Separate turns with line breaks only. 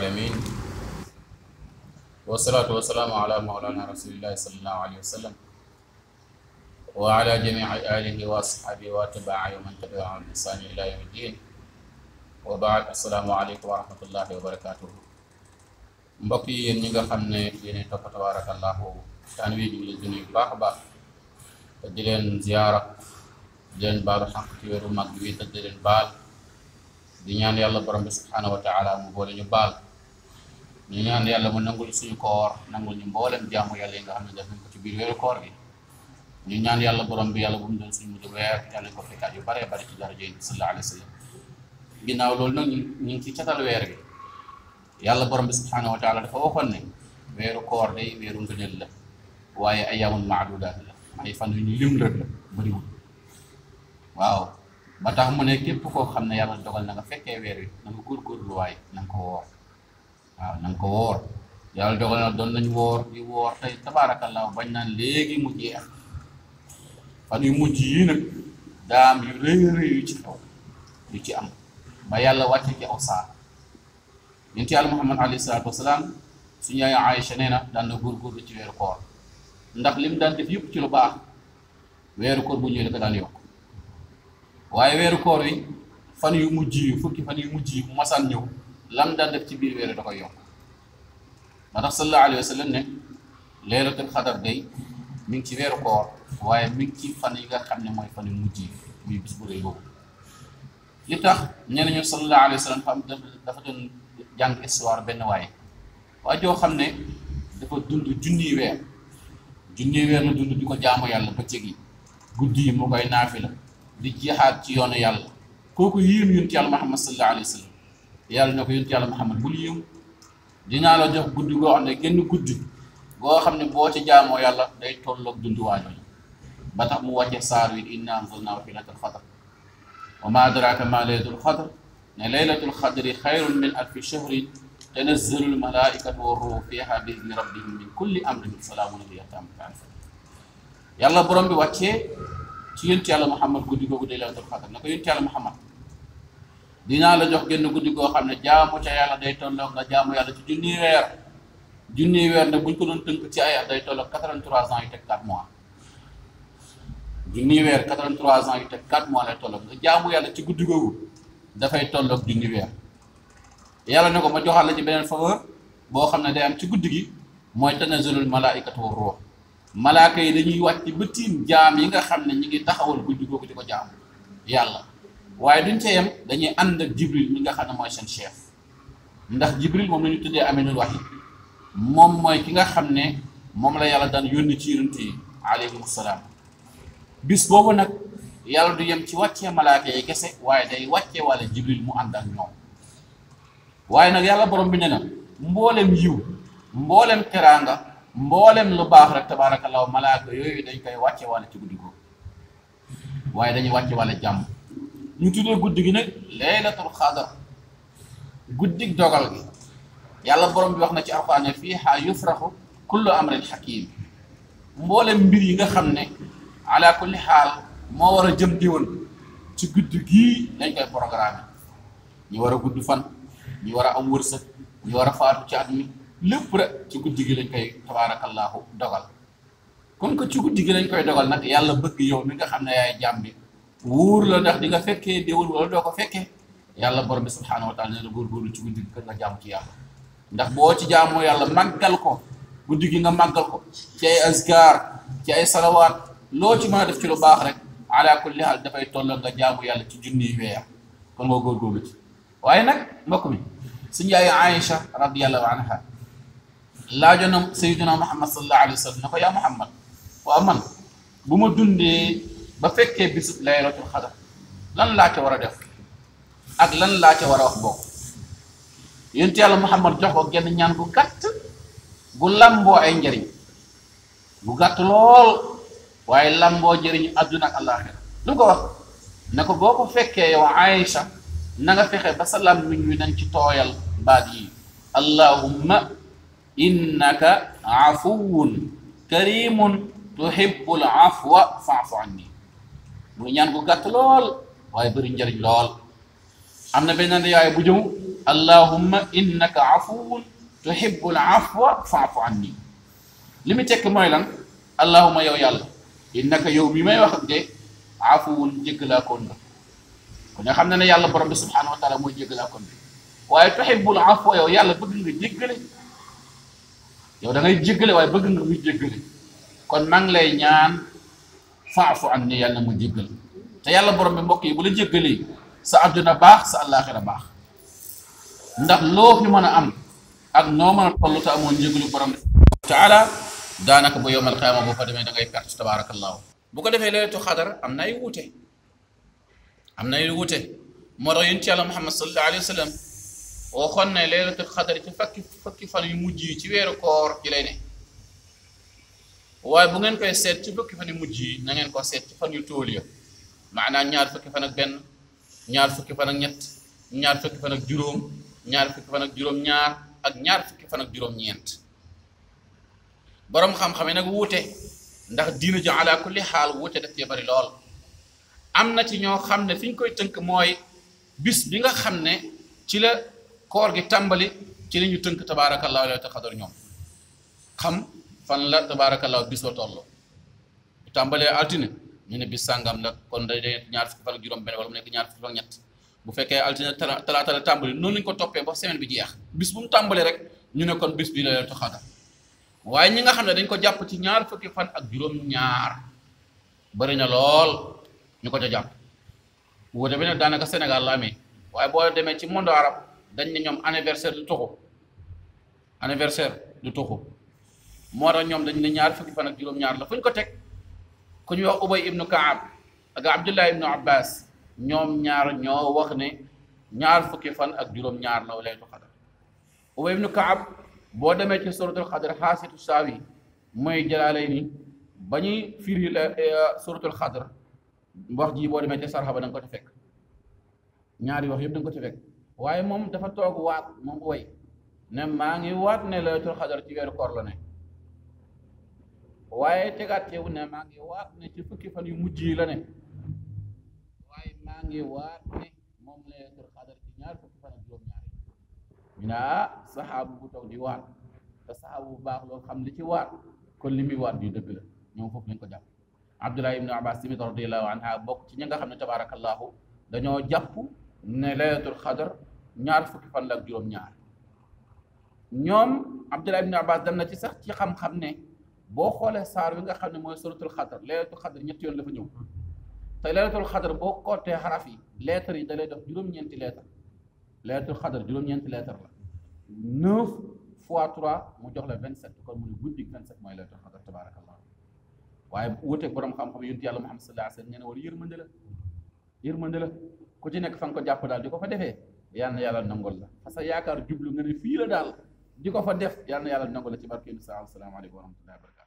العالمين والصلاة والسلام على مولانا رسول الله صلى الله عليه وسلم
وعلى جميع آله
وأصحابه وأتباعه ومن تبعهم بإحسان إلى يوم الدين وبعد السلام عليكم ورحمة الله وبركاته mbokk yi yéen ñi nga xam ne yéen topp tabarakallahu taan wi ñu ngi leen nuyu bu baax a baax te di leen ziyaara di leen baalu xaq ci weeru mag bi te di leen baal di ñaan yàlla borom bi subhaanahu wa taala mu boole ñu baal ñu ñaan yàlla mu nangul suñu koor nangul ñu mboolem jaamu yàlla yi nga xam ne def nañ ko ci biir weeru koor gi ñu ñaan yàlla borom bi yàlla bu mu doon suñu mujj weer yàlla ko fekkaat yu bare bare ci daraja yi sallallahu alayhi wa sallam ginnaaw loolu nag ñu ngi ci catal weer bi yàlla borom bi subhanahu wa taala dafa waxoon ne weeru koor day weeru ngëneel la waaye ayaamun maadudaat la ay fan yu ñu lim la bëriwul waaw ba tax mu ne képp koo xam ne yàlla dogal na nga fekkee weer wi na nga góorgóorlu waaye na nga ko woor waaw na nga ko woor yàlla na doon nañu woor di woor tey tabaarakallaahu bañ naan léegi mu jeex fan yu mujj yi nag daam yu rëy rëy yu ci xew yu ci am ba yàlla wàcce ci aw saar yonent yàlla Muhammad alayhi salaatu wasalaam suñu yaay Aïcha nee na daan na góorgóorlu ci weeru koor ndax li daan def yëpp ci lu baax weeru koor bu ñëwee da daan yokk waaye weeru koor yi fan yu mujj yi fukki fan yu mujj yi mu masaan ñëw lam daan def ci biir weeru da koy yokk ba tax sallallahu wa sallam ne leelatul xadar day mi ngi ci weeru koor waaye mi ci fan yi nga xam ne mooy fan yu mujj muy bis bu boobu li tax ñeneen ñu sallallahu alayhi wa sallam dafa doon jàng histoire benn waaye waa joo xam ne dafa dund junniy weer junniy weer la dund di ko jaamu yàlla bëccëg yi guddi mu koy naafi la di jihaat ci yoonu yàlla kooku yéem yonent yàlla Muhammad sallallahu alayhi wa sallam yàlla na ko yonent yàlla Muhammad bul yëngu dinaa la jox guddi goo xam ne genn guddi goo xam ne boo ci jaamoo yàlla day tolloog dundu mu wàcce saar wi inna anzalnaahu fi laylatul qadr wa maa adraaka maa laylatul qadr ne laylatul qadri xayrun min alfi shahrin tanazzalul malaaikatu bi izni rabbihim min kulli Muhammad guddi googu day laylatul qadr Muhammad dinaa la jox génn guddi goo xam ne jaamu ca yàlla day tolloo nga jaamu yàlla ci junniy weer junniy weer bu buñ ko doon tënk ci ay at day tolloo 83 ans yu teg 4 mois junniy weer 83 ans yu teg 4 mois lay tolloo nga jaamu yàlla ci guddi googu dafay tolloo junniy weer yàlla ne ko ma joxal la ci beneen faveur boo xam ne day am ci guddi gi mooy tanazulul malaaikatu war ruux malaaka yi dañuy wàcc ba tiim jaam yi nga xam ne ñi ngi taxawal guddi googu di ko jaam yàlla waaye duñ te yem dañuy ànd ak jibril mi nga xam ne mooy seen chef ndax jibril moom lañu ñu tuddee aminul wahyi moom mooy ki nga xam ne moom la yàlla daan yónni ci yonent yi aleykum salaam bis boobu nag yàlla du yem ci wàccee malaaka yi kese waaye day wàccee walla jibril mu ànd ak ñoom waaye nag yàlla borom bi ne na mboolem yiw mboolem teraanga mboolem lu baax rek tabaarakallaah malaaka yooyu dañ koy wàcce walla ci guddi googu waaye dañuy wàcce walla jàmm ñu tuddee guddi gi nag laylatul xadar guddig dogal gi yàlla borom bi wax na ci alxuraan ne fiihaa yufraxu kullu amrin xakim mboolem mbir yi nga xam ne ala kulli xaal moo war a jëm diwoon ci guddi gii dañ koy programme ñu war a gudd fan ñu war a am wërsëg ñu war faatu ci at mi lépp rek ci guddi gi lañ koy tabaarakallaahu dogal kon ko ci guddi gi lañ koy dogal nag yàlla bëgg yow mi nga xam ne yaay jàmm bi wóor la ndax di nga fekkee déwén wala doo ko fekkee yalla borom bi subhaanahu wa taala nee na góorgóorlu ci guddi gi nga jaamu ci yàlla boo ci jaamoo yàlla màggal ko guddi gi nga màggal ko ci ay azkar ci ay salawaat loo ci mën def ci lu baax rek ala kulli dafa dafay tolloo nga jaamu yàlla ci junniy weer kon nga góorgóorlu ci waaye nag mbokk mi suñu yaay Aïcha radiyallahu anha laajoon na Seydina Muhammad sallallahu alayhi wa sallam ne ko yaa Muhammad waaw man bu ma dundee. ba fekkee bisub laylatul xadar lan laa ca war a def ak lan laa ca war a wax bokk yonent yàlla Muhammad jox ko genn ñaan gu gàtt gu làmboo ay njëriñ bu gàtt lool waaye làmboo njëriñu àdduna ak àllaaxira lu ko wax ne ko boo fekkee yow Aïcha na nga fexe ba wi nañ ci tooyal baat yi allahumma innaka afuwun karimun tuhibbul afwa fa'fu anni muy ñaan gu gàtt lool waaye bëri njëriñ lool am na benn riwaaya bu jëm allahumma innaka afuwun tuhibbul afwa fa'fu anni li mu tekk mooy lan allahumma yow yàlla innaka yow mi may wax ak de afuwun jéggalaakoon nga kon nga xam ne ne yàlla borom bi subhanahu wa taala mooy jéggalaakoon bi waaye tuhibbul afwa yow yàlla bëgg nga jéggale yow da ngay bëgg nga muy jéggale kon maa lay ñaan faafu an ni yàlla ma jéggal te yàlla borom bi mbokk yi bu la jéggalee sa àdduna baax sa a baax ndax loo fi mën a am ak noo mën a toll te amoon njéggalu borom taala daanaka ba yowmal qiyaama boo fa demee da ngay perte tabaarakallaahu bu ko defee leelatu xadar am na ay wuute am na ay wuute moo tax yonent yàlla Muhammad sallallahu alayhi wa sallam waxoon ne leelatu xadar ci fakki fakki fan yu mujj yi ci weeru koor ci lay waaye bu ngeen koy seet ci fukki fan yu mujj yi na ngeen ko seet ci fan yu tóol ya maanaam ñaar fukki fan ak benn ñaar fukki fan ak ñett ñaar fukki fan ak juróom ñaar fukki fan ak juróom-ñaar ak ñaar fukki fan ak juróom-ñeent boroom xam-xam yi nag wuute ndax diina ji ala kulli xaal wuute daf cee bari lool am na ci ñoo xam ne fi ñu koy tënk mooy bis bi nga xam ne ci la koor gi tàmbali ci la ñu tënk tabaarakallahu la taxadar ñoom xam fan la tabaarakallah bis ba toll bu tàmbalee altine ñu ne bis sàngam la kon de day ñaar fukki fan ak juróom-benn wala mu nekk ñaar fukki bu fekkee altine talaata la tàmbali noonu lañ ko toppee ba semaine bi jeex bis bu mu tàmbalee rek ñu ne kon bis bi la leen waaye ñi nga xam ne dañ ko jàpp ci ñaar fukki fan ak juróom-ñaar bëri na lool ñu ko ca jàpp wuute bi nag daanaka Sénégal la waaye boo demee ci monde arabe dañ ne ñoom anniversaire du tuxu anniversaire du tuxu. moo tax ñoom dañ ne ñaar fukki fan ak juróom-ñaar la fu ñu ko teg ku ñuy wax ubay ibnu kaab ak abdullah ibnu abbas ñoom ñaar ñoo wax ne ñaar fukki fan ak juróom-ñaar la laylatul xadar boo demee ci suratul xadar xaasitu saawi mooy jalaale ni ba ñuy firi la eh, suratul xadar wax jii boo demee ci sarxa ba da nga ko ci ñaari wax yëpp da nga ko ci fekk waaye moom dafa toog waat moom way ne maa ngi waat ne laylatul xadar ci weeru koor la ne waaye tegaat teewu ne maa ngi waar ne ci fukki fan yu mujj yi la maa ngi waat ne moom laylatul qadar ci ñaar fukki fan ak juróom-ñaar ah bu toog di waat te saxaabu bu baax loolu xam li ci waat kon li muy waat ñu dëgg la ñoom foofu lañ ko jàpp abdullah ibnu abbas tamit radiallahu anha bokk ci ñi nga xam ne tabarakallahu dañoo jàpp ne laylatul ñaar fukki fan la ak ñoom abdullah ibnu abbas dem na ci sax ci xam-xam ne boo xoolee saar wi nga xam ne mooy suratul xadar leelatul xadar ñetti yoon la fa ñëw te leelatul xadar boo kootee xaraf yi lettres yi da lay def juróom-ñeenti lettres leelatul xadar juróom-ñeenti lettres la neuf fois trois mu jox la vingt sept kon mu ne guddi vingt sept mooy leelatul xadar tabaarakallah waaye wuuteeg borom xam-xam yonent yàlla Muhammad sallallahu alayhi wasallam nee na wala yërmande la yërmande la ku ci nekk fa ko jàpp daal di ko fa defee yal na yàlla nangol la parce que yaakaar jublu nga ne fii la daal di ko fa def yal na yàlla nangol la ci barke bi salaamaaleykum wa rahmatullahi wa